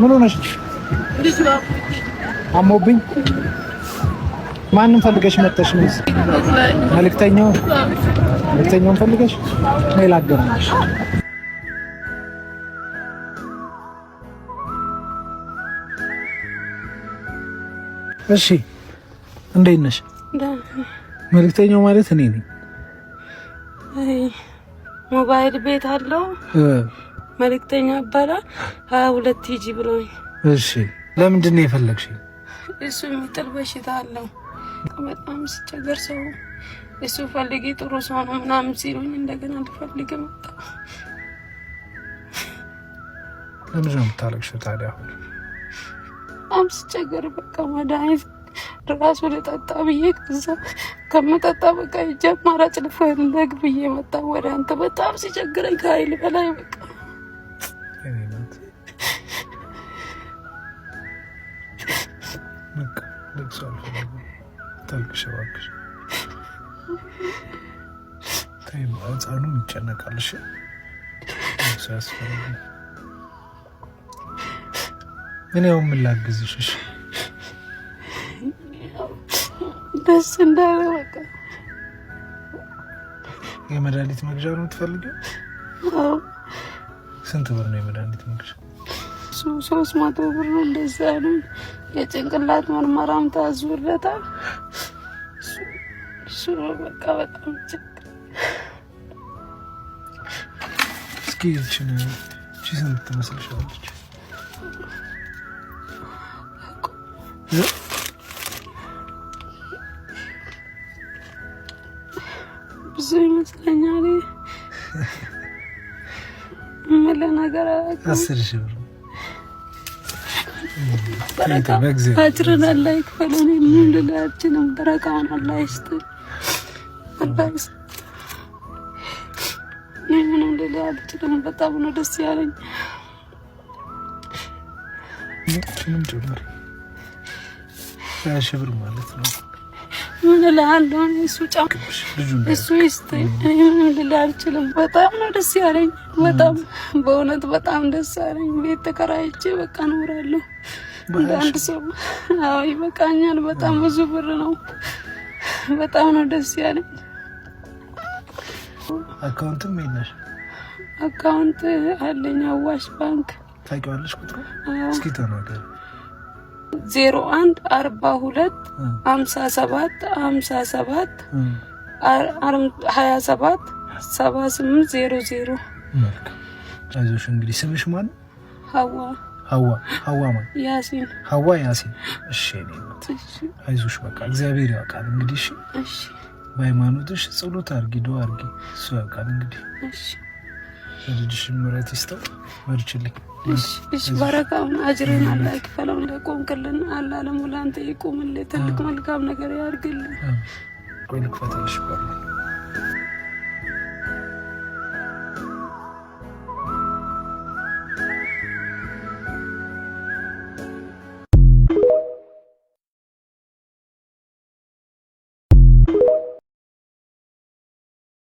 ምን ሆነሽ? አሞብኝ። ማንም ፈልገሽ መጣሽ? ነው? መልክተኛው መልእክተኛውን ፈልገሽ ሜል አገናኘሽ? እሺ፣ እንዴት ነሽ? መልክተኛው ማለት እኔ ነኝ። ሞባይል ቤት አለው መልእክተኛ አባላ ሀያ ሁለት ሂጂ ብሎኝ። እሺ ለምንድን ነው የፈለግሽ? እሱ የሚጥል በሽታ አለው። በጣም ሲቸገር ሰው እሱ ፈልጌ ጥሩ ሰው ነው ምናምን ሲሉኝ እንደገና ልፈልግ መጣ። ለምንድን ነው የምታለቅሽው ታዲያ? በጣም ሲቸገር በቃ መድኃኒት ራሱ ልጠጣ ብዬ ከዛ ከምጠጣ በቃ እጃ አማራጭ ልፈልግ ብዬ መጣ ወደ አንተ። በጣም ሲቸግረኝ ከሀይል በላይ በቃ ታልቅሽ እባክሽ ህፃኑ ይጨነቃልሽ ያስፈል እኔ ያው ምን ላግዝሽ? ደስ እንዳለ በቃ የመድኃኒት መግዣ ነው የምትፈልገው? ስንት ብር ነው የመድኃኒት መግዣ? ሶስት መቶ ብር ነው እንደዛ ነው። የጭንቅላት ምርመራም ታዝብለታል። እሱ በቃ በጣም ችግር። እስኪ ይችን እቺ ስንት ትመስልሻለች? ብዙ ይመስለኛል። ምን ለነገር አስር ሺህ ብር አጭርን አላህ ይክፈለን። የምንልላችንም በረካውን አላህ ይስጥ። ምንም ልል አልችልም። በጣም ነው ደስ ያለኝ። ሺህ ብር ማለት ነው ምን እልሃለሁ እሱ ጫማ እሱ ይስጥኝ። እኔ ምንም ልልህ አልችልም። በጣም ነው ደስ ያለኝ። በጣም በእውነት በጣም ደስ ያለኝ። ቤት ተከራይቼ በቃ እኖራለሁ እንደ አንድ ሰው። አዎ ይበቃኛል። በጣም ብዙ ብር ነው። በጣም ነው ደስ ያለኝ። አካውንትም የለሽ? አካውንት አለኝ አዋሽ ባንክ። ታውቂዋለሽ ቁጥሩ? እስኪ ተናገር ዜሮ አንድ አርባ ሁለት ሀምሳ ሰባት ሀምሳ ሰባት ሀያ ሰባት ሰባ ስምንት ዜሮ ዜሮ። አይዞሽ እንግዲህ ስምሽ ማን? ሀዋ ሀዋ ሀዋ ማን? ያሲን ሀዋ ያሲን። እሺ አይዞሽ በቃ እግዚአብሔር ያውቃል እንግዲህ። እሺ በሃይማኖትሽ ጸሎት እሱ ያውቃል እንግዲህ። እሺ ልጅሽ ይስጠው። እሺ ባረካውን አጅርን አላህ ይክፈለው። እንደቆምክልን አላህ ለሙላንተ ይቁምልህ። ትልቅ መልካም ነገር ቆይ ያድርግልህ።